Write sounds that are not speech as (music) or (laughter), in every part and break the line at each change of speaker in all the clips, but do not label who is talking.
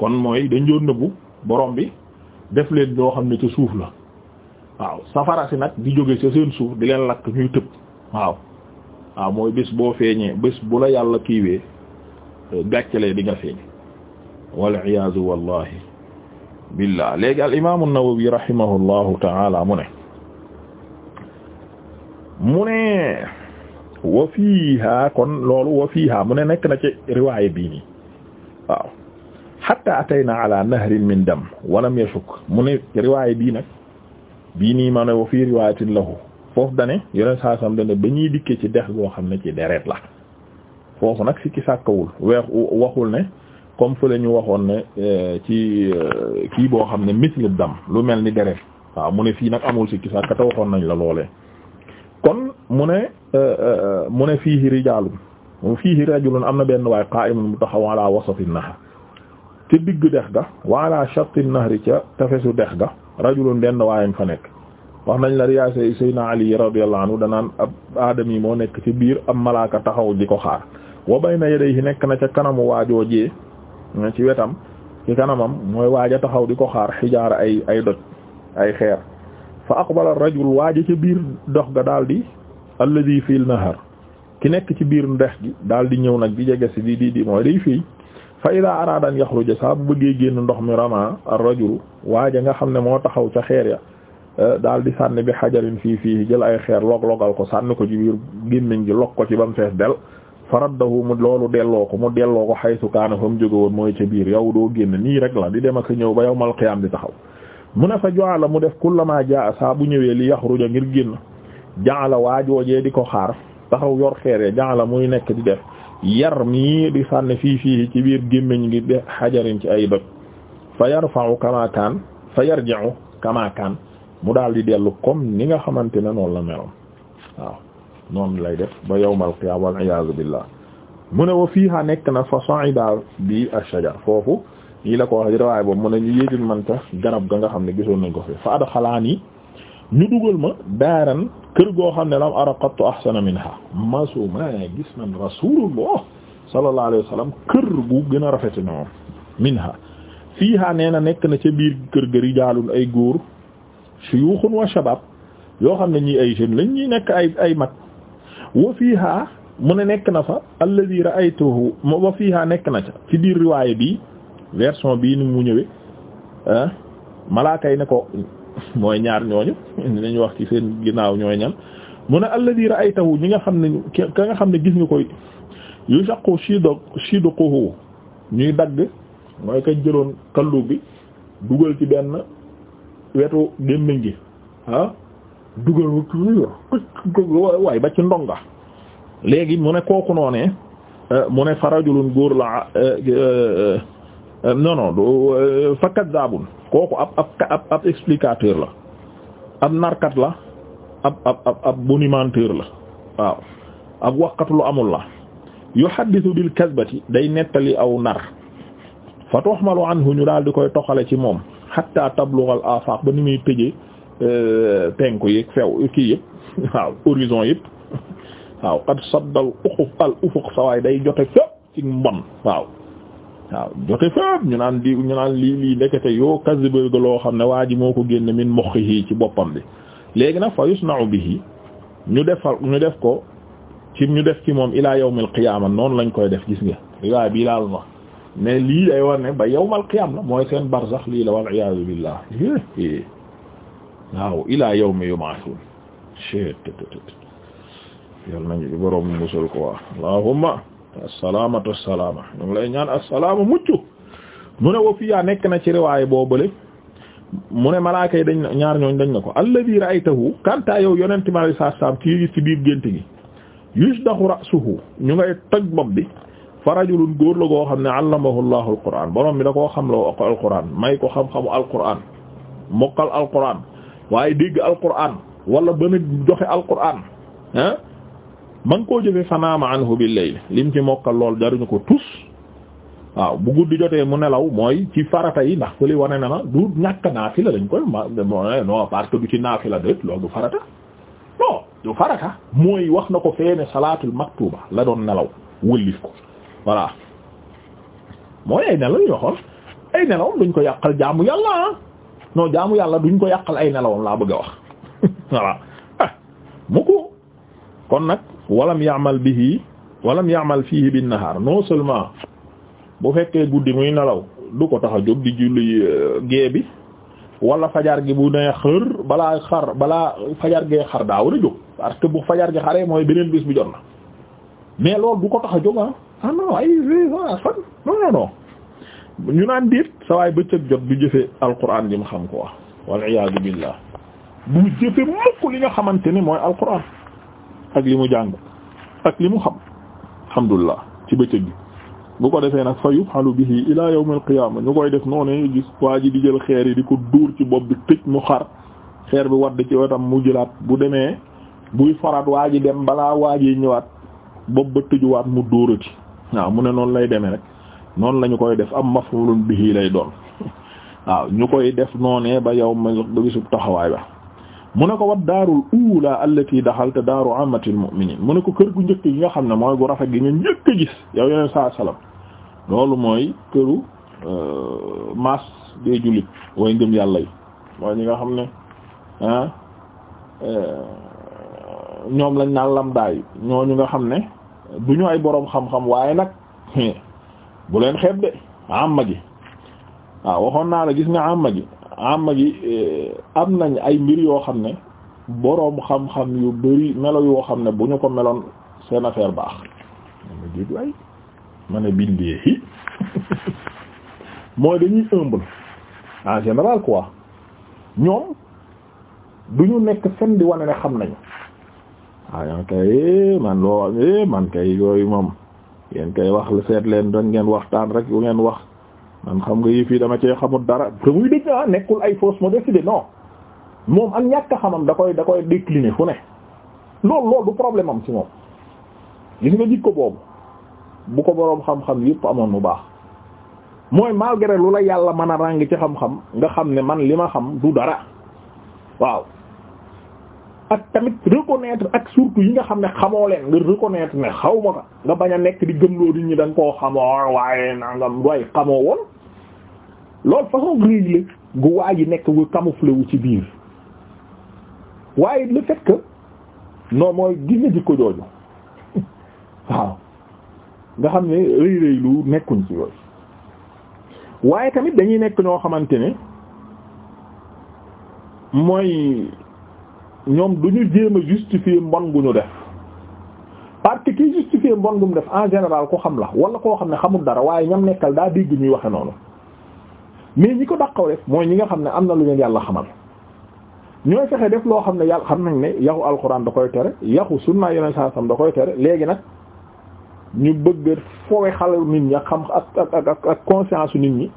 kon mooy dañ doon nëbbu borom bi def leen doo xam ne ca suuf la waaw safara si nag di jóge ca seen suuf di leen lakk ñuy tëb waaw waaw mooy bés boo feeñee bés bu la yàlla kiiwee euh, gàccalee di nga feeñ wal iyaazu wallahi billah léegi al imaamu Nawawi rahimahullahu taala mu ne mu ne wa fiiha kon loolu wa fiiha mu ne nekk na ci riwaaya bii nii waaw hatta atayna ala nahrin min dam walam yashuk mu ne riwaay bii nag bii nii ma ne wa fii riwaayatin lahu foofu dane yeneen saa sam dane ba ñuy dikkee ci dex goo xam ne ci deret la foofu nag sikki sàkkawul weex waxul ne comme fële ñu waxoon ne euh, ci euh, kii boo xam ne misli dam lu mel ni deret waaw mu ne fii nag amul sikki sàkka te waxoon nañ la loolee kon mu ne euh, mu ne fiihi rijaalun fiihi rajulun am na benn waay qaa'imun mu taxaw ala wasati nahar ci digg dex ga wala shatti nahri ca tefesu dex ga rajulun benn waayam fa nekk wax nañ la riyaa Seydina Ali radiyallahu anhu danaan ab aadam yi moo nekk ci biir ab malaaka taxaw di ko xaar wa bayna yadayhi nekk na ca kanamu waajoo waajoojee ci wetam ci kanamam mooy waaja taxaw di ko xaar xijaara ay ay doj xeer fa aqbala rajul waaja ca biir dox ga daldi alladhi fiil nahar ki nekk ci biir ndex gi di ñëw nag di jege si di di di mooy day fii fa ida araada an yaxruja saa bu bëggee génn ndox mi rama ar-rajulu waaja nga xam ne moo taxaw ca xeer ya euh, daal di sànni bi xajarin fii fii jël ay xeer log-logal ko sànni ko ci biir gémmiñ gi log ko ci ba mu fees del faraddahu mu loolu delloo ko mu delloo ko xaytu kaana fa mu jóge woon mooy ca biir yow doo génn nii rek la di dem ak ñëw ba yawmal qiyaam di taxaw mu ne fa joala mu def kullama jaa saa bu ñëwee li yaxruja ngir génn jaala waajoojee di ko xaar taxaw yor xeer ya jaala muy nekk di def yar mii di sànni fii fii ci biir gémmiñ ngi de xajarin ci ay doj fa yarfa'u kama kaan fa yarji'u kama kaan mu daal di dellu comme ni nga xamante ne noonu la meloon waaw noonu lay def ba yawmal qiyaama wal iyaazu billaah mu ne wa fiiha nekk na fa sa'ida bi ash-shajar foofu nii la ko wax di waaye boobu mu ne ñu yéegil manta garab ga nga xam ne gisoon nañ ko fi fa adxalaani ñu dugal ma daaran kër goo xam ne lam ara qattu ahsana minha masu gis man rasulullah sallallahu alayhi wa sallam kër gu gën a rafete ne moom minha fiiha nee na nekk na ca biir kër ga rijaalun ay góor shuyukhun wa shabab yoo xam ne ñii ay jeunes lañ ñuy nekk ay ay mag wa fiiha mu ne nekk na fa alladhi ra'aytuhu wa fiiha nekk na ca ci biir riwaaya bi version bii ni mu ñëwee ah ne ko mooy ñaar ñooñu dinañ wax ci seen ginnaaw ñooy ñan mu ne ay ra'aytahu ñi nga xam ne ka nga xam ne gis nga koy yu shaqu shido shiduquhu ñuy dagg mooy kañ jëloon kallu bi dugal ci benn wetu gémmiñ gi ah dugal waay ba ci ndonga léegi mu ne kooku noonee mu ne farajulun góor la ah, eh, eh, Euh, non non euh, fa kaddaabun kooku ab explicateur la ab narkat la ab ab ab la waaw ab waxkat lu amul la yuhaddisu bil kasbati day nettali aw nar fa tuhmalu anhu ñu daal di koy toxale ci moom hatta tablugha al afaq ba ni muy tëjee euh, penku yeeg few kii yëpp (laughs) waaw horizon yëpp (laughs) waaw qad sadda al al ufuq sawaay day jote fépp ci mbon waaw waaw jote fépp ñu naan di ñu naan lii lii ndekete yoo kasibërga loo xam ne waa ji moo ko génn min muxihi ci boppam bi léegi nag fa yusna'u bihi ñu defal ñu def ko ci ñu def ci moom ilaa yawmil qiyaama noonu lañ koy def gis nga riwaay lii day war ne ba mooy seen barzax lii la wal iyaadu billah waaw ilaa yawmi yub'athun chet yàlla nañu boroom musul ko waa allahumma assalaamatu salaama ñu ngi lay ñaan assalaama mucc mu ne wa fiyaa nekk na ci riwaay boobale mu ne malaaka yi dañ ñaar ñooñ dañ na ko alladhi ra'aytahu kanta yow yonent mi alayhi salaam kii ci biir gént gi yushdahu ra'suhu ñu ngay toj bopp bi fa rajulun góor la goo xam ne allamahu allahu alquraan borom bi da koo xam la alquraan may ko xam-xamu alquraan mokkal alquraan waaye dégg alquraan wala bana joxe alquraan man koo jëfe fanaama anhu bil layl lim ci mokkal lool jaruñu ko tus waaw bu guddi jotee mu nelaw mooy ci farata yi ndax fële wane na na du ñàkk naafila dañ koy non parce que du ci naafila déet loolu du farata non du farata mooy wax na ko feene salaatul maktuba la doon nelaw wëllif ko voilà mooy ay nelaw yoo xool ay nelaw duñ ko yàqal jaamu yàlla ah jaamu yàlla duñ ko yàqal ay nelawam laa bëgg a wax (laughs) voilà ah, mu ko kon nag walam ya'mal bihi walam ya'mal fihi bin nahar no seulement bu fekkee guddi muy nelaw du ko tax a jóg di julli euh, gée bi wala fajar gi bu nee xër balaa xar balaa fajar gee xar daa war a jóg parce que bu fajar gi xaree mooy beneen bis bi jot na mais loolu du ko tax a jóg ah ah ay fan non non non naan diit sa waay bëccëg jot du jëfe alquran ji mu xam ko wax wal iyaadu billah du jëfe mukk li nga xamante ni mooy alquran ak li mu jàng ak li mu xam alhamdulillah ci bëccëg bi bu ko defee nag fa xalu bihi ila yawm al qiyama ñu koy def noonu ñu gis waa ji di jël xeer yi di ko duur ci bopp bi tëj mu xar xeer bi wadd ci wetam mu jëlaat bu demee buy faraat waa ji dem balaa waa ji ñëwaat bopp ba tëjuwaat mu dóorati waaw mu ne noonu lay demee rek noonu lañu koy def am mafulun bihi lay doon (laughs) waaw ñu koy def noonee ba yow ma ba bisub taxawaay ba mu ne ko wat daarul ula allati daxalta daaru amatil mu'minin mu ne ko kër gu njëkk gi nga xam ne mooy gu rafet gi nga njëkk a gis yow yeneen saa salam loolu mooy këru euh, maas des jullit way ngëm yàlla yi mooy ñi nga xam ne ah euh, ñoom lañ naan lamdaay ñooñu nga xam ne bu ñu ay boroom xam-xam waaye nag (laughs) bu leen xeeb de amma gi waaw waxoon naa la gis nga amma gi amma gi e, am nañ ay mbir yoo xam ne boroom xam-xam yu bari melo yoo xam ne bu ñu ko meloon seen affaire baax ma jid waay ma mooy dañuy humble en général quoi ñoom du ñu nekk fenn di wane ne xam nañu waaw ah, yan kay man loo eh, man kay yooyu moom ngeen kay wax la seet leen dañ ngeen waxtaan rek yu ngeen wax man xam nga yëf yi dama cee xamul dara te muy dëgg ah nekkul ay fausse modestie de non moom ak ñàkk xamam da koy da koy décliner fu ne loolu loolu du problème am moom gis nga jikko boobu bu ko boroom xam-xam yëpp amoon mu baax mooy malgré lu la yàlla man a ràng ci xam-xam nga xam ne man li ma xam du dara waaw ak tamit reconnaître ak surtout yi nga xam ne xamoo leen nga reconnaître ne xaw ma nga bañ a nekk di gëmloo di ñi da nga koo xamoo waaye nangam doy xamoo woon loolu façon rëy la gu waa ji nekk gu camouflé wu ci biir waaye le fait que non mooy gis nga jikko jooju waaw nga xam ne rëy rëy lu nekkuñ ci yooyu waaye tamit dañuy nekk ñoo xamante ne mooy ñoom du ñu jéem a justifier mbon gu ñu def parce que kiy justifier mbon gu mu def en général ko xam la wala koo xam ne xamul dara waaye ñam nekkal daa dégg ñuy waxe noonu mais ñi ko daqaw def mooy ñi nga xam ne am na lu leen yàlla xamal ñooy fexe def loo xam ne yàlla xam nañ ne yaxu alxuraan da koy tere yaxu sunna yeneen saa sam da koy tere léegi nag ñu bëgg foowe xale nit ñi xam ak ak ak ak conscience nit ñi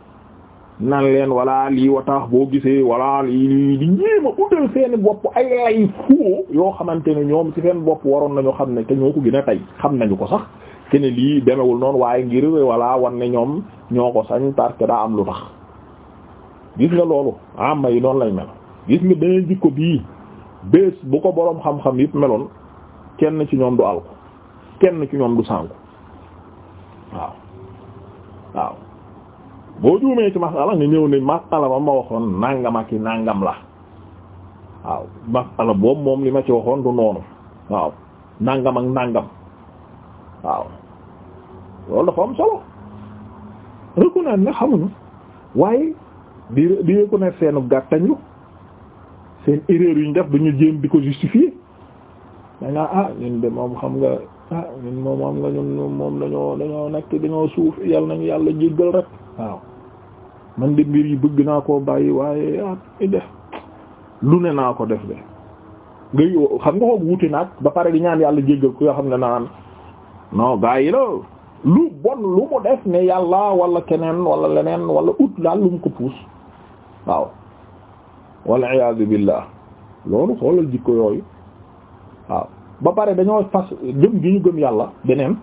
nan leen wala lii wataax boo gisee wala lii lii di utal seeni bopp ay lay foo yoo xamante ne ñoom ci seen bopp waroon nañu xam ne te ñoo ko gën a tey xam nañu ko sax te ne lii demewul noonu waaye ngir wala wan ne ñoom ñoo ko sañ parce que am lu tax gis nga loolu amma yi noonu lañ mel gis nga beneen jikko bii bés bu ko boroom xam-xam yëpp meloon kenn ci ñoom du alko kenn ci ñoom du sànku waaw waaw ci masala nga ma ma waxoon nàngam nàngam la waaw masala boobu moom li ma ci waxoon du noonu waaw nàngam ak nàngam waaw loolu dafa am solo reconnaître na xamuñu waaye di di reconnaître seenu gàttañlu seen erreur yu ñu def dañu jéem di ko justifier dangaa ah ñun de moom xam nga ah ñun moom xam nga ñun moom dañoo dañoo nekk dañoo suuf yàlla nañu yàlla jéggal rek waaw man de mbir yi bëgg naa ko bàyyi waaye ah def lu ne naa ko def de nga xam nga xoog wuute naag ba pare di ñaan yàlla jéggal ku yoo xam ne naan non gaa yi la lu bon lu mu def ne yàlla wala keneen wala leneen wala ut daal lu mu ko puus waaw wal iyaadu billah loolu xoolal jikko yooyu waaw ba pare dañoo fas gëm gi ñu gëm yàlla beneen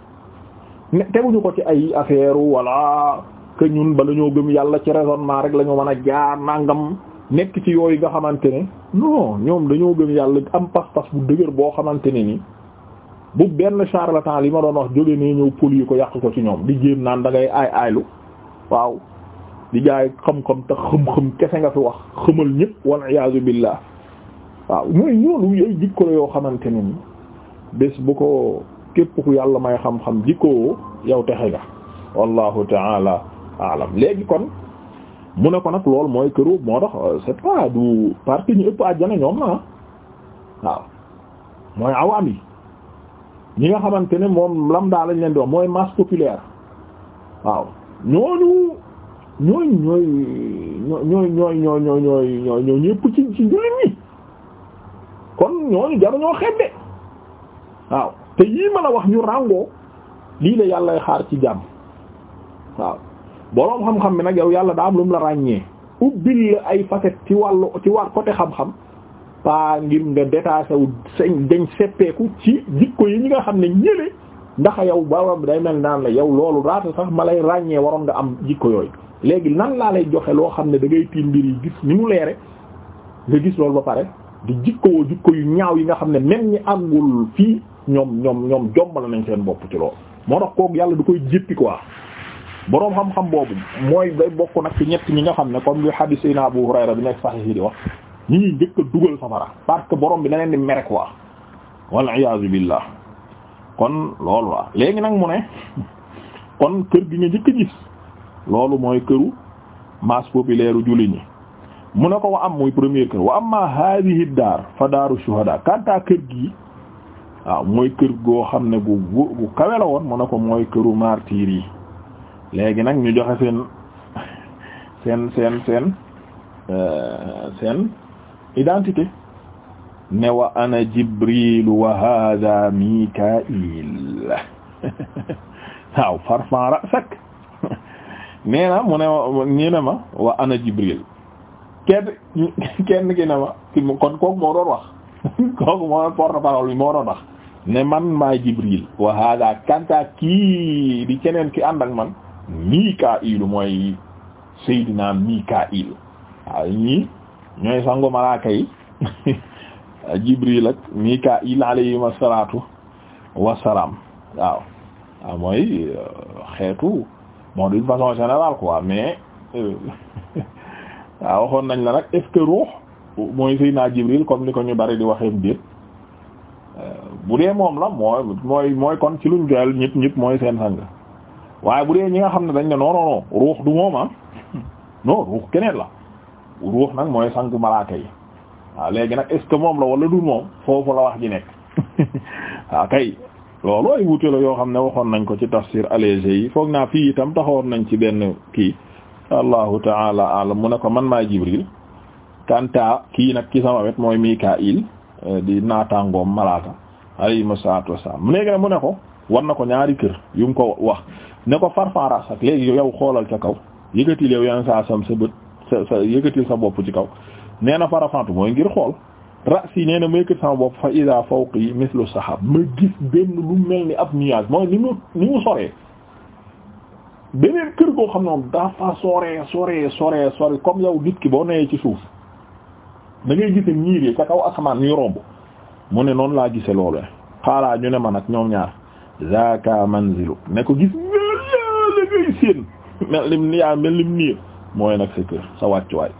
teguñu ko ci ay affaire wala que ñun ba la ñoo gëm yàlla ci raisonnement rek la man a jaar nàngam nekk ci yooyu nga xamante ne non ñoom dañoo gëm yàlla am pas-pas bu dëgër boo xamante ne ni bu benn charlatan li ma doon wax jóge ne ñëw poli ko yàq ko ci ñoom di jéem naan dangay ay aay waaw di jaay xam-xam te xam-xam kese nga fi wax xamal ñëpp wal iyaazu billah waaw ñooy yooyu jikko la yoo xamante ne ni bés bu ko képp ku yàlla may xam-xam jikkoo yow texe nga wallahu taala alam léegi kon mu ne ko nag loolu mooy këru moo tax euh, c'est pas du ñu ëpp àjjana ñoom na waaw mooy awaam yi ñi nga xamante ne moom lam daal lañ leen di wax mooy masse populaire waaw ñooñu ñooy ñooy ñooy ñooy ñooy ñooy ñooy ñooy ñëpp ci ci jullit kon ñooñu jaru ñoo xebbe waaw te yii ma la wax ñu ràngoo lii la yàlla xaar ci jàmm waaw boroom xam-xam bi nag yow yàlla daa am lu la ràññee ubbil la ay facette ci wàllu ci wàll côté xam-xam paa ngir nga détaché wu sañ dañ seppeeku ci jikko yi ñi nga xam ne ñële ndax yow boroom day mel naan la yow loolu raata sax ma lay ràññee waroon nga am jikko yooyu léegi nan laa lay joxe loo xam ne da ngay tiim mbir yi gis ni mu leere nga gis loolu ba pare di jikkowoo jikko yu ñaaw yi nga xam ne même ñi àggul fii ñoom ñoom ñoom jombal nañ seen bopp ci loolu moo tax kook yàlla du koy jéppi quoi boroom xam-xam boobu mooy day bokk nag ci ñett ñi nga xam ne comme li hadith sayna Abu Hurayra bi nekk sahih yi di wax ñi ñuy njëkk a dugal safara parce que borom bi da leen di mere quoi wal iyaazu billah kon loolu la nag mu ne kon kër loolu mooy këru masse populaire u julli ñi mu ne ko wa am muy premier kër wa amma hadihi daar fa daaru shuhada kanta kër gi waaw mooy kër goo xam ne gu gu kawe la woon mu ne ko mooy këru martyr yi léegi nag ñu joxe seen (laughs) seen seen seen euh, seen identité ne wa ana jibril wa hada mikail (laughs) waaw farfan rasak nee na mu ne ñi ne ma wa ana Jibril kenn ki ne ma ki kon kooku moo doon wax (laughs) kooku moo porte-parole moo doon wax ne man maa Jibril wa hada kanta kii di keneen ki ànd ak man Mika'ilu mooy Seydina Mika'ilu waaw ñii ñooy sangu malaaka yi (laughs) Jibril ak Mika'il alayhim assalatu wassalaam waaw waaw mooy euh, xeetu bon d'une façon générale quoi mais euh, (laughs) waaw waxoon nañ la nag est-ce que ruux mooy Seydina Jibril comme li ko ñu bari di waxee déet euh, bu dee moom la mooy mooy kon ci lu ñu joyal ñëpp ñëpp mooy seen sang waaye bu dee ñi nga xam ne dañ ne non non ruux du moom ah (laughs) non ruux keneen la ruux nag mooy sang malaaka yi waaw léegi nag est-ce que moom la wala du moom foofu la wax ji nekk (laughs) waaw kay loolu ay wuute yoo xam ne waxoon nañ ko ci tafsir allégé yi foog naa fii itam taxawoon nañ ci benn kii allahu taala alam mu ne ko man maay jibril kanta kii nag ki sama wet mooy mikail eh, di naataangoom malaaka alayhima salaatu wassalaam léegi nag mu ne ko war na ko ñaari kër yu mu ko wax ne ko farfara ak léegi yow xoolal ca kaw yëkkatil yow yenn sa bët sa sa yëkkatil sa bopp ci kaw nee na farafantu mooy ngir xool rasi nee na ma yëkkat sama bopp fa ida fawqi mithlu sahab ma gis benn lu mel ni ab nuage mooy ni mu ni mu soree beneen kër goo xam ne moom dafa sore soree soree soree comme yow nit ki boo newee ci suuf da ngay gise ñiir yi ca kaw asamaan ñuy romb mu ne noonu laa gise loolu xaalaa ñu ne ma nag ñoom ñaar zaaka manzilu ne ko gis mel yaa la ngay séen mel lim yaa niir mooy nag sa kër sa wàccuwaay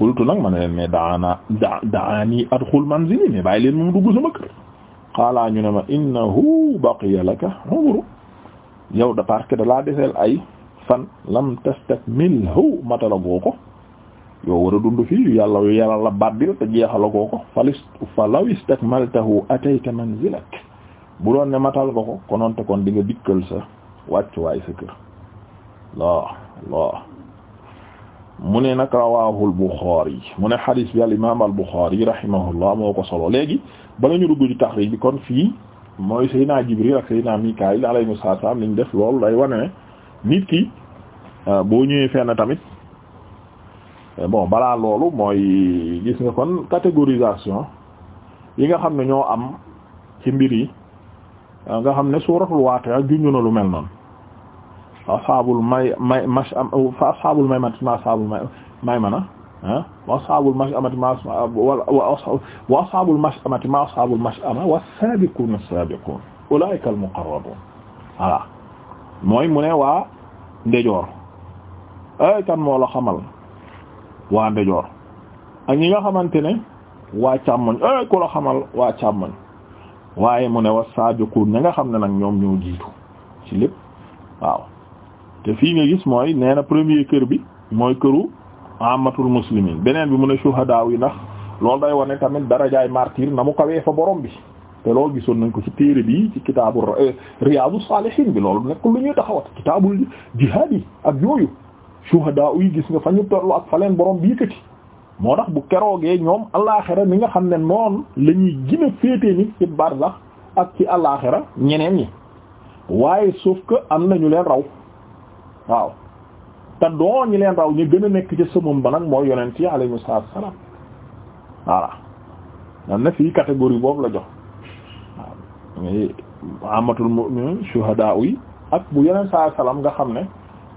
qultu nag ma ne leen mais daana da daani adxul manzili mais bàyyi leen moom dugg sama kër xaalaa ñu ne ma innahu baqiya laka umru yow da parce da laa deseel ay fan lam tastakmilhu matala goo ko yow war a dund fii yàlla yàlla la baddil te jeexala goo ko falis fa law istakmaltahu atayta manzilak bu doon ne matal nga ko konoon kon di nga dikkal sa wàccuwaay sa kër laa laa mu ne nag rawahu al-Bukhari mu ne xadis bi al-imam al-Bukhari rahimahullah moo ko solo léegi bala ñu dugg ci taxrij bi kon fii mooy Seydina Jibril ak Seydina Mikaayil alayhimu salaam liñ def loolu ay wane ne nit ki euh, boo ñëwee fenn tamit euh, bon balaa loolu mooy gis nga kon catégorisation yi nga xam ne ñoo am ci mbir yi nga xam ne suuratul Waaqi'a junj na lu mel noonu fa ashaabul may may mash fa ashaabul maymanati ma ashaabul maymana ah wa ashaabul mash'amati ma wa ashaabul mash'amati ma ashaabul mash'ama was-saabiquuna as-saabiquun ulaa'ika al-muqarrabuun voilà mooy mu ne waa ndejoor ay kan moo la xamal waa ndejoor ak ñi nga xamante ne waa càmmoñ ay ku la xamal waa càmmoñ waaye mu ne was-saabiquun ña nga xam ne nag ñoom ñoo jiitu ci lépp waaw te fii nga gis mooy nee na premier kër bi mooy këru amatul muslimin beneen bi mu ne shuhadaa yi ndax loolu day wane tamit darajaay martyr na mu kawee fa borom bi te loo gisoon nañ ko ci téere bi ci kitaabu euh, riyaadu saalihiin bi loolu nekk lu ñuy taxawat kitaabul jihaad yi ak yooyu shuhadaa yi gis nga fa ñu tollu ak fa leen borom bi yëkkati moo tax bu keroogee ñoom alaaxira ni nga xam ne noon la ñuy gën a féetee nit ci barzax ak ci alaaxira ñeneen ñi waaye sauf que am na raw. waaw te doo ñi leen raw ñu gën a nekk ca sëmam ba nag mooy yonent yi mu salaam voilà am na fii catégorie boobu la jox waaw ñi amatul mu'minin shuhadaa yi ak bu yonent saa salaam nga xam ne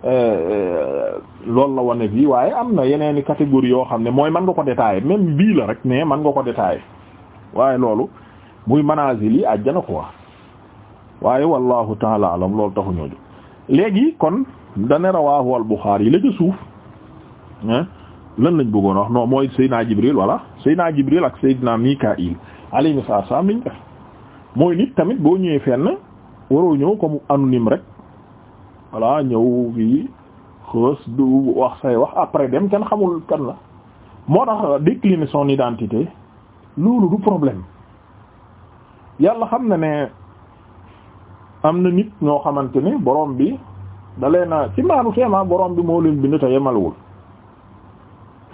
eh, loolu la wane fii waaye am na yeneen i catégorie yoo xam ne mooy man nga ko détailler même bii la rek mais mën nga ko détailler waaye loolu muy manazil yi àjjana quoi waaye wallahu taala alam loolu taxuñoo jóg léegi kon dane rawaahu al yi la ca suuf lan lañ bëggoon wax non mooy Seydina Jibril voilà Seydina Jibril ak Seydina Mikail alayhi salaam liñ def mooy nit tamit boo ñëwee fenn waroo ñëw comme anonyme rek voilà ñëw fii xës du wax say wax après dem kenn xamul kan la moo tax euh, décliner son identité loolu du problème yàlla xam na ne am na nit ñoo xamante ne borom bi. da leena ci maanu teema borom bi moo leen bind te yemalewul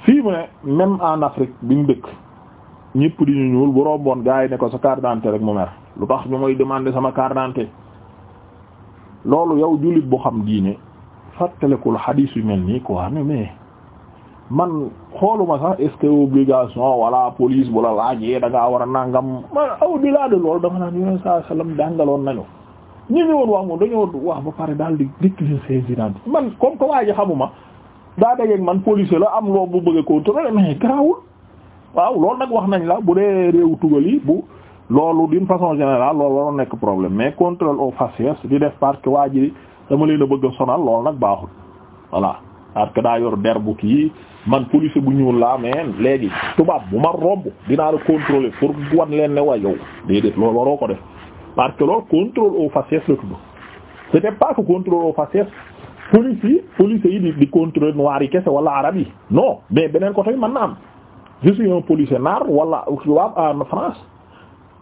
fii mu ne même en Afrique bi mu dëkk ñëpp di ñu ñuul bu romboon gars yi ne ko sa carte rek mu mer lu tax ñu may demander sama carte d'identité loolu yow jullit bu xam diine fàttalikul xadiis yu mel nii quoi mais mais man xooluma sax est-ce que obligation wala police bu la laajee da ngaa war a nangam man au delà de loolu dama naan yoneen saa sallam jàngaloon nañu. ñu ngi woon wax moom dañoo wax ba pare daal di dikk seen identité man comme que waa ji xamuma daa dajeeg man policier la am loo bu bëgg a contrôler mais garaawul waaw loolu nag wax nañ la bu dee réewu tugal yi bu loolu d'une façon générale loolu waroon nekk problème mais contrôle au faciès di def parce que waa ji dama leen a bëgg a sonal loolu nag baaxul voilà parce que daa yor der bu kii man policier bu ñuul laa mais léegi tubaab bu ma romb dinaa la contrôler pour wan leen ne waa yow déedéet loolu ko def parce que loolu contrôle aux faciès la tudd c'était pas que contrôle aux faciès police yi police yi di di contrôler noir yi kese wala arab yi non mais beneen côté bi mën na am je suis un policier naar wala tubaab en France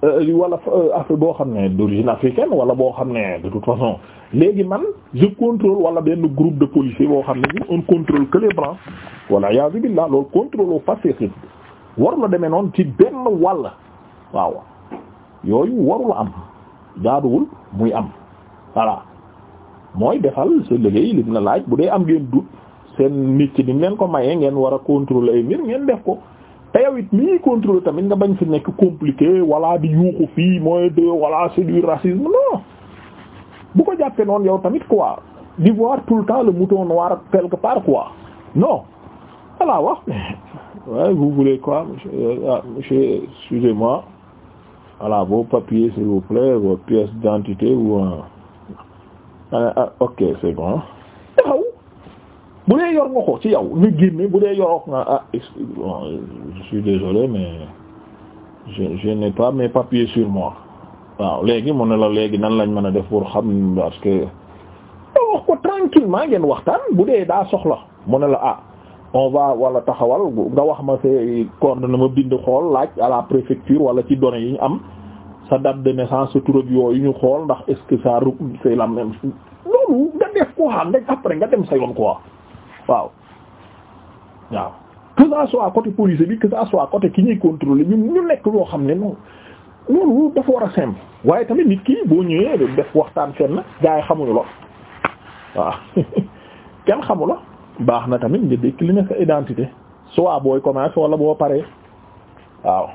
euh, wala euh, Afrique boo xam ne d'origine africaine wala boo xam ne de toute façon léegi man je contrôle wala benn groupe de policiers boo xam ne on contrôle que les blancs wala iyaazu billah loolu contrôle au passé si warula demee noonu ci benn wàll waaw yooyu warula am jaaduwul muy am voilà mooy defal sa liggéey lim la laaj bu dee am ngeen dut seen nit ci ni leen ko mayee ngeen war a contrôler ngeen def ko te yow it mii contrôler tamit nga bañ fi nekk compliqué wala di yuuxu fii mooy de wala c'est du racisme non bu ko jàppee noonu yow tamit quoi di voir tout le temps le mouton noir quelque part quoi non voilà wax (laughs) ouais, vous voulez quoi monsieur euh, ah, monsieur excusez voilà vos papiers s'il vous plaît vos pièces d'identité ou ah ok c'est bon waaw bu yor nga ko ci yow nga génne bu dee yor nga ah je suis désolé mais je je n'ai pas mes sur moi waaw léegi mu ne la léegi nan lañ mën a def pour xam parce que wax ko tranquillement ngeen waxtaan bu dee daa soxla mu ne la ah on va wala taxawal nga wax ma see na ma bind xool laaj à la préfecture wala ci données yi ñu am sa date de naissance sa tur yooyu ñu xool ndax est-ce que ça c'est la même loolu nga def ko xam après nga dem sa yoon quoi waaw waaw que ça soit côté police bi que ça soit côté ki ñuy contrôler ñun ñu nekk loo xam ne moom loolu dafa war a simple waaye tamit nit ki boo ñëwee def waxtaan na gaa yi xamuñu la waaw (laughs) kenn xamu la baax na tamit nga décliner sa identité soit booy commencer wala boo paree waaw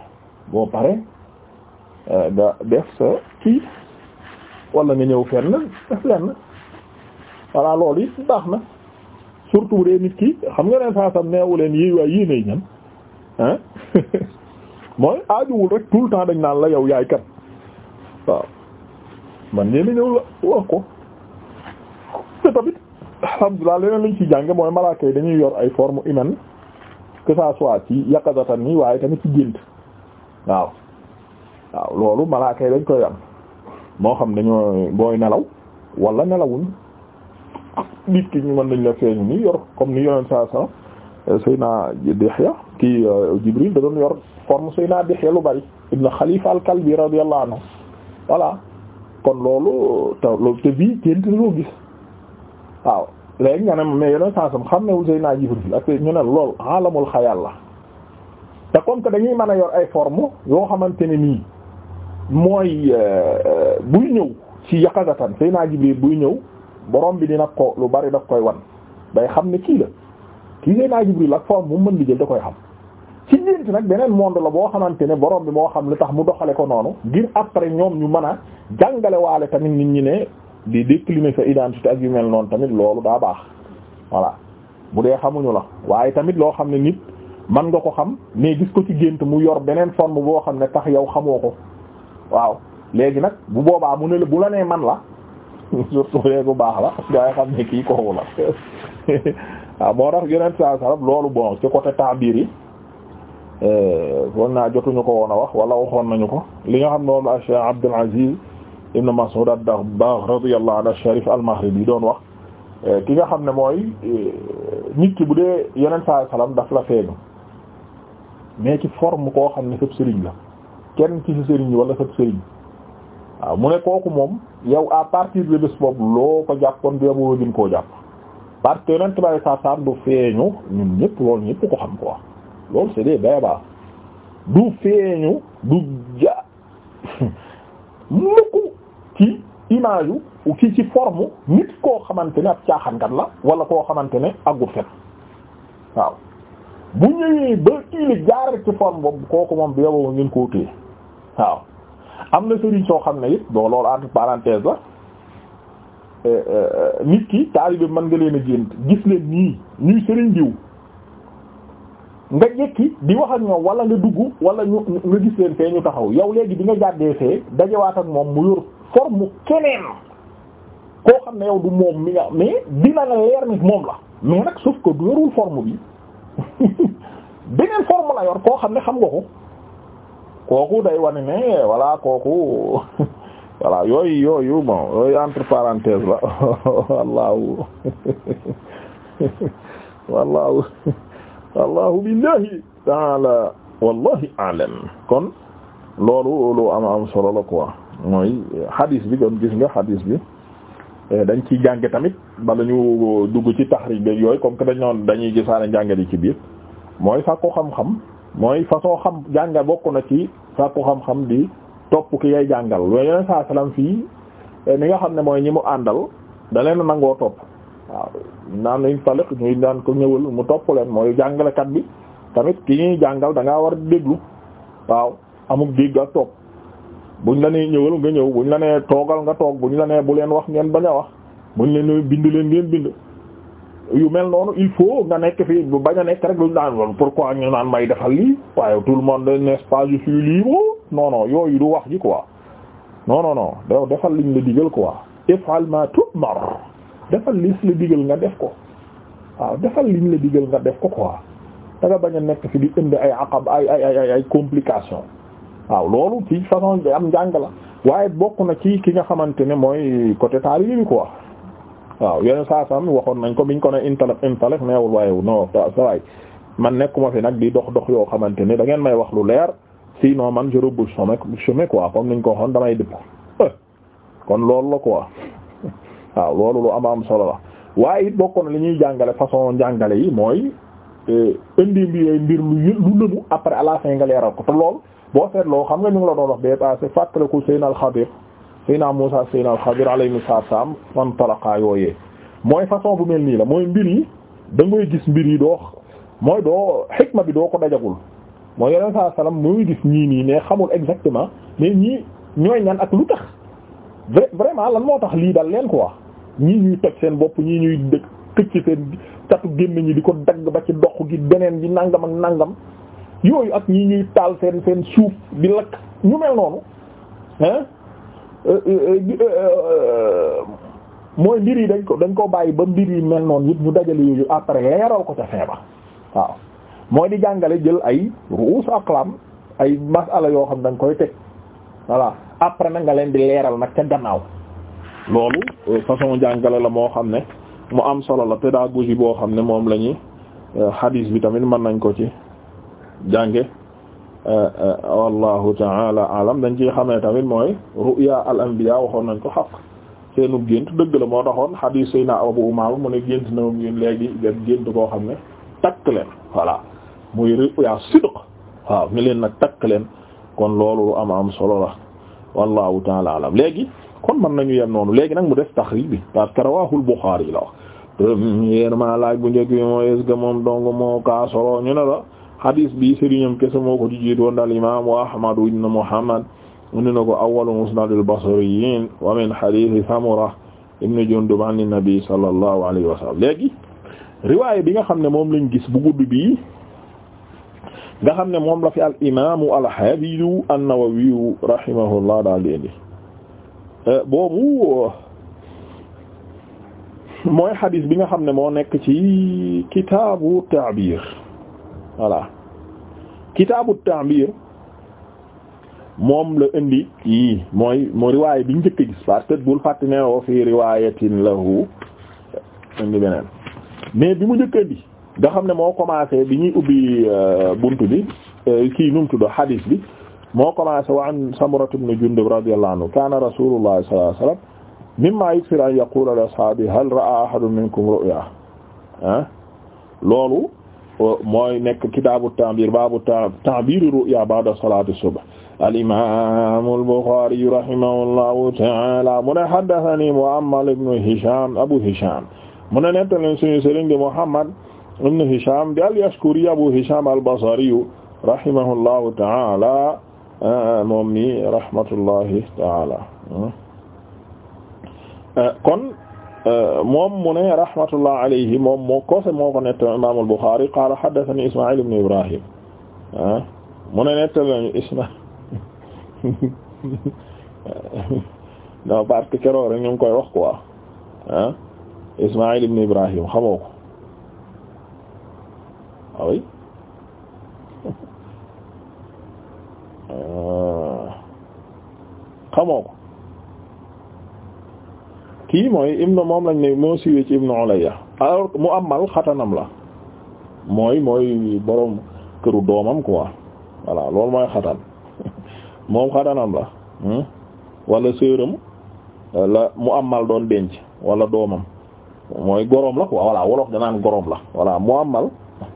boo paree euh, nga def kii wala nga ñëw fenn def lenn voilà loolu it baax na surtout bu dee nit ki xam nga ne saa sam neewu leen yii waay yii nay ñan ah (laughs) mooy aajuwul rek tout temps dañ naan la yow yaay kat waaw man yéen a ñëw la wax ko te tamit alhamdulilah leneen lañ ci jànge mooy malaaka dañuy yor ay forme humaine que ça soit ci yaqazatan ni waaye tamit ci gént waaw waaw loolu malaaka dañ koy am moo xam dañoo booy nelaw wala nelawuñ nit ki ñu mën nañ la feeñu ni yor comme ni yoneen saa sa euh, euh, Jibril da doon yor forme Seyna Dihya lu bari ibn Khalifa al-Kalbi radiyallahu anhu voilà kon loolu te loolu te bii gis waaw léegi nga mais yeneen saa sam xam ne wu Seydina Jibril ak ñu ne lool alamul xayal la te comme que dañuy mën a yor ay forme yoo xamante ne nii mooy euh, euh, buy ñëw ci yaqazatan Seydina Jibril buy ñëw borom bi dina ko lu bari daf koy wan day xam ne kii la kii Seydina Jibril ak forme bu mën di jël da koy xam. ci gént nag beneen monde la boo xamante ne borom bi moo xam lu tax mu doxale ko noonu ngir après ñoom ñu mën a jàngale waale tamit nit ñi ne di décliner sa identité ak yu mel noonu tamit loolu daa baax voilà bu dee xamuñu la waaye tamit loo xam ne nit man nga ko xam mais gis ko ci gént mu yor beneen forme boo xam ne tax yow xamoo ko waaw léegi nag bu boobaa mu ne la bu la nee man la (laughs) surtout léegu baax la ngay xam ne kii kooku la (laughs) waaw moo tax yeneen saa sarab loolu bon ci côté ta'bir yi euh, foog naa jotuñu ko woon a wax wala waxoon nañu ko li nga xam ne moom la Cheikh Abdul Aziz ibn Mas'ud ad-Daghbagh radiyallahu anhu ash-Sharif al-Maghribi doon wax eh, ki nga xam ne mooy eh, nit ki bu dee yeneen saa salaam daf la feeñu mais ci forme koo xam ne sëb sëriñ la kenn ci sa sëriñ wala sëb sëriñ waaw mu ne kooku moom yow à partir de bés boobu loo ko jàppoon bi yow koo jàpp parce que yeneen tubaab yi saa saa du feeñu ñun ñëpp loolu ñëpp ko xam quoi loolu c'est des béykat du feeñu du ja (laughs) mukk ci image u kii ci forme nit koo xamante ne ab caaxankat la wala koo xamante ne agul fet waaw bu ñëwee ba kiili jaar ci forme boobu kooku moom bi yoboba ngeen koo téye waaw am na sëriñ soo xam ne it bon loolu entre parenthèse la eh, eh, eh, nit ki taalibe mën nga leen a jéem gis leen nii ñuy sëriñ diw nga jekki di wax ak ñoom wala nga dugg wala ñu nga gis leen fee ñu taxaw yow léegi bi nga jàddee fee dajewaat ak moom mu yor forme keneen koo xam ne yow du moom mi nga mais dina la leer ni moom la mais nag sauf que du yorul forme bi (laughs) beneen forme la yor koo xam ne xam nga ko kooku day wane ne voilà kooku (laughs) voilà yooyu yooyu bon yooyu entre parenthèses la wallahu (laughs) wallahu wallahu billahi ta'ala wallahi a'lam kon loolu lu am am solo la quoi mooy hadis bi kon gis nga hadis bi eh, dañ ciy jànge tamit bala ñu dugg ci taxrij bi yooyu comme que dañoon dañuy gisaane njàngat yi ci biir mooy sàkku xam-xam mooy façon xam jàngal bokk na ci sàkku xam-xam di topp ki yay jàngal yooyu yeneen saa salaam fii ni eh, nga xam ne mooy ñi mu àndal daleen nangoo topp waaw naan nañ fale ñuy daan ko ñëwal mu topp leen mooy jàngalekat bi tamit ki ñuy jàngal da war a déglu waaw amul dégg ak topp buñ la nee ñëwal nga ñëw buñ la nee toogal nga toog buñ la nee bu leen wax ngeen bañ a wax buñ leen bind leen ngeen bind. yu mel noonu il faut nga nekk fii bu bañ a nekk rek luñ daan woon pourquoi ñu naan may defal lii waaye tout le monde n'est pas je suis libre non non yooyu du wax ji quoi non non non daw defal liñ la digal quoi ifal ma tutmar defal liñ la digal nga def ko waaw defal liñ la digal nga def ko quoi da nga bañ a nekk fi di indi ay aqab ay ay ay ay complication waaw loolu ci façon bi am njàng la waaye bokk na ci ki nga xamante ne mooy côté taalibe bi quoi waaw yeneen saa sam waxoon nañ ko biñ ko ne intalak intalak neewul waaye non sawaay man nekkuma fi nag di dox dox yoo xamante ne da ngeen may wax lu leer si sinon man je rebouche sama chemin quoi comme niñ ko waxoon damay dëpp (laughs) kon loolu la quoi (laughs) waaw loolu lu am am solo la waaye it bokk na li ñuy jàngale façon jàngale yi mooy euh, indi mbir mbir lu lu après à la fin nga leeral ko lool boo seetloo xam nga ñu ngi la doon wax bee passé fàttaliku Seydina al-Xadir Seydina Muusaa Seydina al-Xadir alayhi salaam man talaqaa yooyee mooy façon bu mel nii la mooy mbir yi da ngay gis mbir yi doo mooy doo xikma bi doo ko dajagul mooy yeneen saa salaam muy gis ñii nii ne xamul exactement mais ñii ñooy ñan ak lu tax vraiment lan moo tax lii dal leen wax ñii ñuy toj seen bopp ñii ñuy dëkk tëj ci seen catu gémmiñ ñi di ko dagg ba ci dox gi beneen bi nangam ak nangam yooyu ak ñi ñuy taal seen seen suuf di lakk ñu mel noonu euh, euh, euh, mooy mbir yi dañ ko dañ ko bàyyi ba mbir yi mel noonu yëpp ñu dajale yooyu après leeral ko ca feebar waaw mooy di jàngale jël ay ruus aklam ay ala yoo xam dañ koy teg voilà après nag nga leen di leeral nag ca gannaaw loolu façon jàngale la moo xam ne mu am solo la pédagogie boo xam ne moom la ñuy bi tamit mën nañ ko ci jànge eh, eh, wallahu taala alam dañ ci xamee tamit mooy ru'ya al anbiya waxoon nañ ko xaq seenu gént dëgg la moo taxoon hadith sayna Abu Umaama mu ne gént na moom léegi dem gént koo xam ne takk leen voilà muy ru'ya sidq waaw ni leen nag takk leen kon loolu lu am am solo la wallahu taala alam léegi kon mën nañu yem noonu léegi nag mu def taxrij parce que rawaahul Buxaari la wax premièrement laaj bu njëkk bi mooy est-ce que moom dong moo kaa solo ñu ne la hadis bi sëriñam kese moo ko jijiit woon daal imam Ahmad ibn Muhammad indi na ko awwalu musnadil basriyyin wa min hadith Samura ibn Jundub an nabi sallallahu alayhi wa sallam léegi bi nga xam ne moom lañ gis bu gudd bii xam ne moom la fi al imamu al-Hafidu an-Nawawi rahimahullah daal di indi euh, boobu mooy hadis bi nga xam ne moo nekk ci kitaabu ta'bir voilà kitaabu ta'bir moom la indi yii mooy mooy riwaay bi njëkk a gis parce que bul fàtte ne woo fi riwaayatin lahu indi beneen mais bi mu njëkk indi nga xam ne moo commencé bi ñuy ubbi euh, buntu bi euh, kii nu mu tudd hadis bi moo commencé wa an Samura ibn Jundub radiyallahu anhu kaana rasulullah sallallahu alayhi wasallam mimma yuksir an yaqula li ashaabi hal ra'a ahadun minkum ru'ya ah loolu mooy nekk kitaabu ta'bir baabu ta'bir ru'ya ba'da salaati subh al-imaam al-Buxaari rahimahullahu ta'aala mu ne haddathanii Mu'ammal ibn Hishaam Abu Hishaam mu ne nettali suñu sëriñ di Muhammad ibn Hishaam di al-Yashkuri Abu Hishaam al-Basri rahimahullahu ta'aala moom mi rahmatullahi ta'aala kon Euh, moom mu ne rahmatullah moom moo ko se moo ko nettali imaam al-Bukhari qaala haddathani Isma'il ibn Ibrahim ah, mu ne nettali nañu Isma (laughs) non parce que ngi koy wax quoi ah Isma'il ibn Ibrahim xamoo ko ah oui (laughs) euh, xamoo ko. kii mooy ibnu moom lañ ne moo siwee ci ibnu Ulayya alors mu amal xatanam la mooy mooy boroom këru doomam quoi voilà loolu mooy xatan (laughs) moom xatanam la hmm? wala seeram euh, la mu amal doon denc walla doomam mooy goroom la quoi voilà wolof danaan goroom la voilà mu amal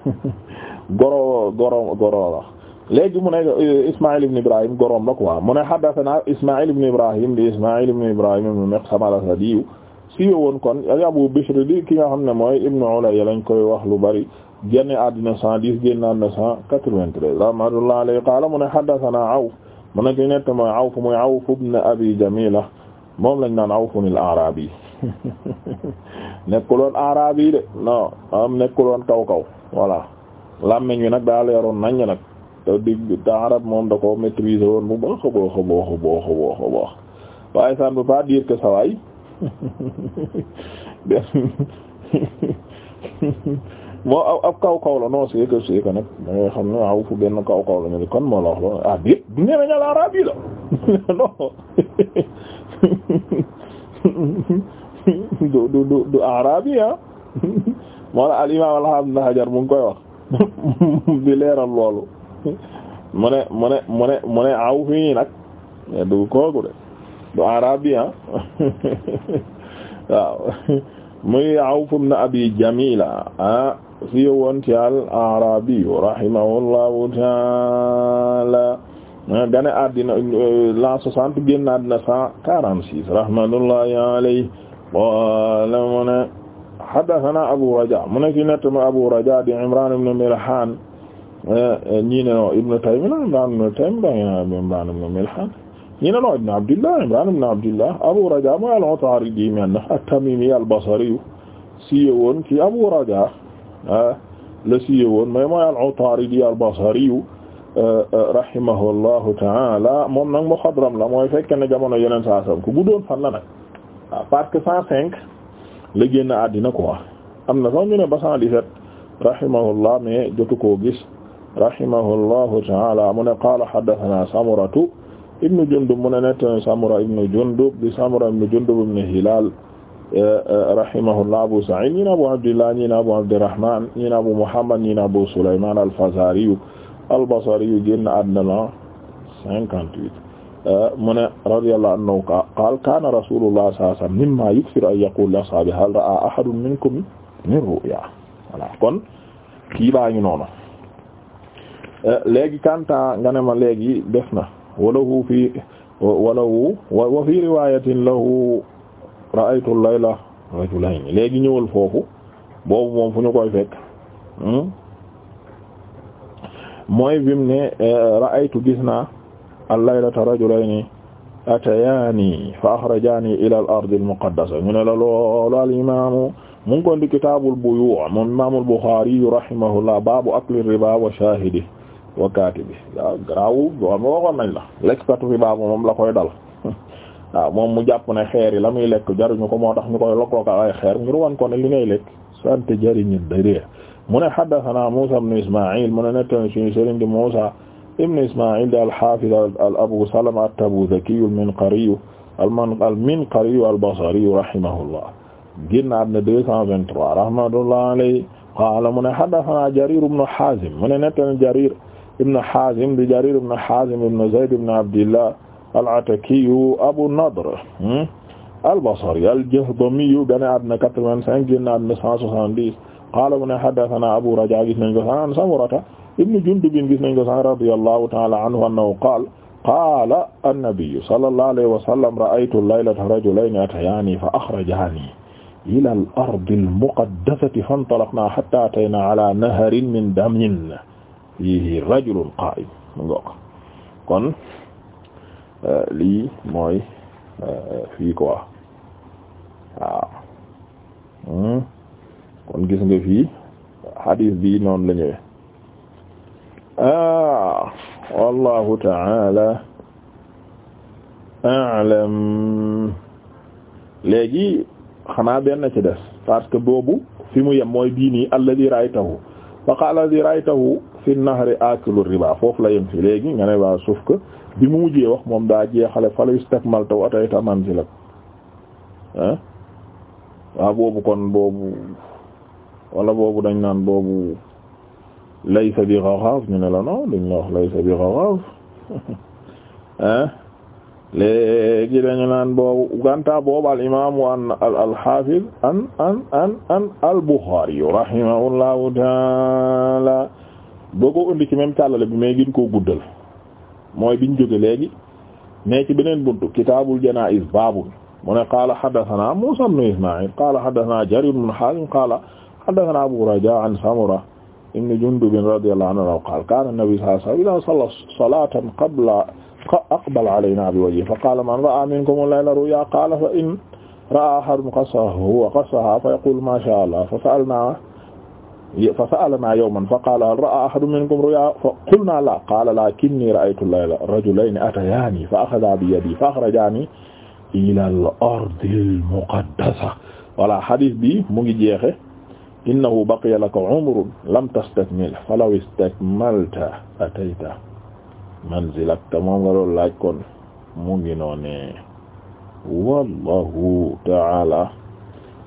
(laughs) goro goro goro la léegi mu ne Ismaïl ibn Ibrahim gorom la quoi mu ne haddathana Ismaïl ibn Ibrahim di Ismaïl ibn Ibrahim ibn woon kon Abu Bishr di ki nga xam ne mooy Ibn Ulayya lañ koy wax lu bari génn àddina 110 génn àddina 193 rahmatullahi alayhi qaala mu ne haddathana Awf mu ne ki Awf ibn Abi Jamila moom lañ naan Awf al-Arabi (laughs) nekkuloon Arabi de non am nekkuloon kaw kaw voilà làmmiñ wi nag daal yaroon nañ nag te dégg te arab moom da ko maîtriser woon bu baax a baax a baax a baax a baax waaye ça ne veut pas dire que sa waay moo aw ab kaw kaw la non c'est que c'est que nag da ngay xam ne aw fu benn kaw kaw la ñu kon moo la wax loolu ah déet du ne nañ la arab yi la (laughs) non (laughs) du du du du arab yi ah (laughs) moo la al imam al hajar mu ngi koy wax di leeral loolu mu ne mu ne mu ne mu ne aw fii nag du kooku de du arabien (laughs) waaw muy Awf ibn Abi Jamila ah si woon ci al-Arabi rahimahullahu taala gane àddina l'an soixante génn àddina cent quarante-six rahmatullahi alayhi wala mu ne haddathana Abu Raja mu ne ki nettama Abu Raja di Imran ibn Milhan Euh, ñii ne non Ibn Taymiyya la Imraan ibn Taymiyya Imraan ibn Milhaan ñii Abu Rajaa mooy al-Utaaridi men at-Tamiimi al-Basri siiwe woon ci Abu Rajaa ah, la siiwe woon mais mooy al-Utaaridi al-Basri euh, euh, rahimahullahu ta'aala moom nag muxadram la mooy fekk ne jamono yeneen saa sam ku guddoon fan nag ah parce la génn àddina quoi am na sax ñu ne ba 117 rahimahullah mais jotu rahimahullahu ta'ala mu ne qaala haddathana Samuratu ibnu Jundub mu ne nettane Samura ibnu Jundub di Samura ibnu Jundub ibnu Hilal eh, eh, rahimahullah Abu Sa'id ñi na Abu Abdillah ñi na Abu Abdirrahman ñi na Abu Muhammad ñi na Abu Sulayman al-Fazariyu al-Basriyu génn àddina la 58 eh, mu ne radiyallahu anhu qaala kaana rasulullah sallallahu alayhi wa sallam mimma yukthiru an yaqula li ashaabihi hal ra'a ahadun minkum min ru'ya voilà kon kii baa ngi noonu Eh, léegi kanta nga ne ma léegi def na walahu fi walahu wa fi riwayatin lahu ra'aytu layla rajulayn léegi ñëwal foofu boobu moom fu ñu koy fekk hmm? mooy bim ne eh, ra'aytu gis naa al-laylata rajulayni atayaani fa axrajaani ila al-ardi al-muqaddasa ñu ne la loolu al-imaamu mu ngi ko ndi kitaabul buyuu' akli riba wa shaahidi wa kaatibi waaw garaawu lool ma waxoon nañ la lekkatu riba moom la koy dal (laughs) waaw moom mu jàpp ne xeer yi la muy lekk jaruñu ko moo tax ñu koy lokkooka ay xeer ngir wan ko ne li ngay lekk sant jariñu dëre mu ne haddathana Muusaa ibn Ismaa'il mu ne nettani suñu sëriñ di Muusaa ibn Ismaa'il di al-Haafiz Abu Salama at-Tabuzaki al-Minqari al-Minqari al-Basri rahimahullah génnaat na 223 rahmatullahi alayhi qaala mu ne haddathana Jariir ibn Haazim mu ne nettani Jariir ibn Hazim di Jarir ibn Hazim ibn Zayd ibn Abdillah al-Ataki Abu Nadr hmm? al-Basri al-Jahdami gane àddina 85 génn àddina 170 qaala mu ne haddathana Abu Raja gis nañ ko an Samurata ibn Jundub gis nañ ko san radiyallahu ta'ala anhu annahu qaala qaala an-nabiyyu sallallahu alayhi wa sallam ra'aytu laylata rajulayni atayaani fa akhrajaani ila al-ardi al-muqaddasati fantalaqnaa hattaa ataynaa ala naharin min damin fiihi rajulun qaa'im mu ngoog kon euh, lii mooy euh, fii quoi waaw hmm? kon gis nga fii hadis bii noonu la ñëwee ah wallahu ta'ala a'lam léegi xanaa benn ci des parce que boobu fi mu yem mooy bii ni alladhi ra'aytahu fa qala ra'aytahu fi nahri akilu riba foofu la yem fi léegi nga ne waa suuf que bi mu mujjee wax moom daa jeexale fa la istakmalta wa atayta manzilak ah waaw boobu kon boobu wala boobu dañ naan boobu laysa bi gharaf ñu ne la non dañ la wax laysa bi gharaf ah (laughs) léegi dañu naan boobu ganta boobu al imaamu an al al al Bukhari rahimahullahu ta'ala doo ko indi ci même càllale bi mais gën koo guddal mooy biñ jóge léegi mais ci beneen buntu kitaabul janaa'iz baabun mu ne qaala haddathanaa Muusaa ibn Ismaa'iil qaala haddathanaa Jariir ibn Haazim qaala haddathanaa Abuu Rajaa' an Samura ibn Jundub radiyallaahu anhu qaala kaana an-nabiyyu sallallaahu alayhi wa sallam idhaa sallaa salaatan qabla aqbala alaynaa bi wajhihi fa qaala man ra'aa minkum al-layla ru'yaa qaala fa in ra'aa ahadun qassahaa huwa qassahaa fa yaquulu maa shaa'a Allaah fa sa'alnaa fa sa'alanaa yawman fa qaala hal ra'aa ahadun minkum ru'yaa fa qulnaa laa qaala laakinnii ra'aytu layla rajulayni atayaanii fa axazaa biyadii fa axrajaanii ilal ardil muqaddasa voilà hadis bi mu ngi jeexe innahu baqiya laka umrun lam tastakmil falaw istakmalta atayta manzilak te moom nga doon laaj kon mu ngi noonee wallahu ta'ala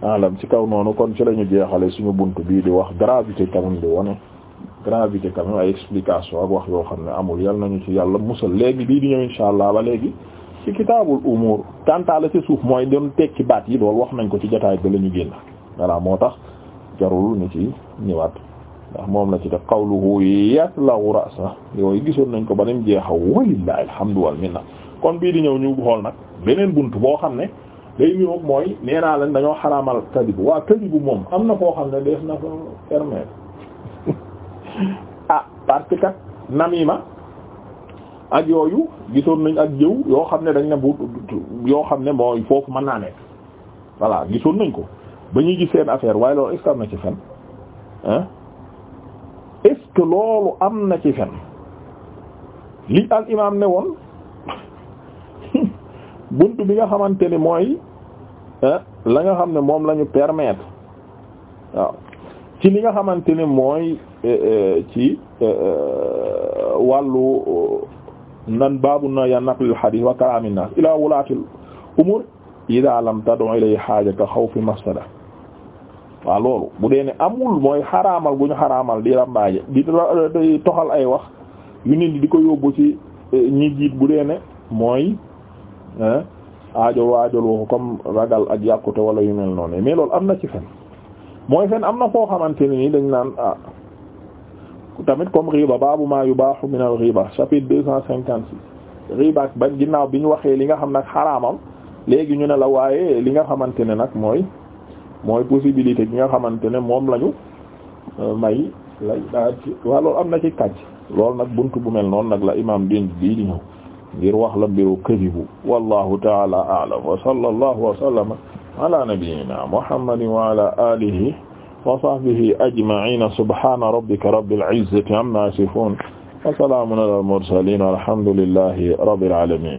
alam ci kaw noonu kon ci la ñu jeexale suñu buntu bii di wax gravité tamit di wone gravité quand même ay explication ak wax yoo xam ne amul yal nañu ci yàlla musal léegi bii di ñëw insha allah ba léegi ci kitaabul umur tanta ci suuf mooy doon tekki baat yi loolu wax nañ ko ci jotaay ba la ñu génn voilà moo tax jarul ñu ci ñëwaat ndax moom la ci def qawluhu yaslawu ra'sa yooyu gisoon nañ ko ba nim jeexaw walillahi alhamdu wal minna kon bii di ñëw ñu xool nag beneen buntu boo xam ne day niroog mooy nee naa leen dañoo xaraamal kadibu waa kadibu moom am na koo xam ne dees na ko permettre (laughs) ah parce namima ak yooyu gisoon nañ ak jëw yoo xam ne dañ ne bu yoo xam ne mooy foofu mën naa nekk voilà gisoon nañ ko ba ñuy gis seen affaire waaye loolu est am na ci fen ah est loolu am na ci fen lii al imam ne woon (laughs) bunt bi nga xamante ni mooy Eh? la nga xam ne moom lañu ñu permettre waaw ci li nga xamante ne mooy eh, eh, ci wàllu nan baabu na ya naqlil hadith wa kalamin nas ila wulatil umur ida lam tad'u ilay haajaka xawfi mafsada waaw loolu bu dee ne amul mooy xaraamal gu ñu xaraamal di rambaaje di toxal ay wax yu nit di ko yóbbu ci ñi jiit bu dee ne mooy aajo waajal waxu comme ragal ak yàqute wala yu mel noonu mais loolu am na ci fen mooy fen am na foo xamante ne nii dañ naan ah tamit comme riba baabu maa yubaahu min al riba chapitre deux cent cinquante six riba ak bañ ginnaaw bi ñu waxee li nga xam nag xaraamam léegi ñu ne la waaye li nga xamante ne nag mooy mooy possibilité bi nga xamante ne moom lañu euh, may lay ci waa loolu am na ci kàcc loolu nag bunt bu mel noonu nag la imam dénj bii di ngir wax la mbiru kadibu wallahu taala a'lam wa sallallahu wa sallama ala nabiyyina muhammadin wa ala alihi wa sahbihi ajma'ina subhana rabbika rabbil izzati amma yasifun wa salamun ala al mursalin walhamdulillahi rabbil alamin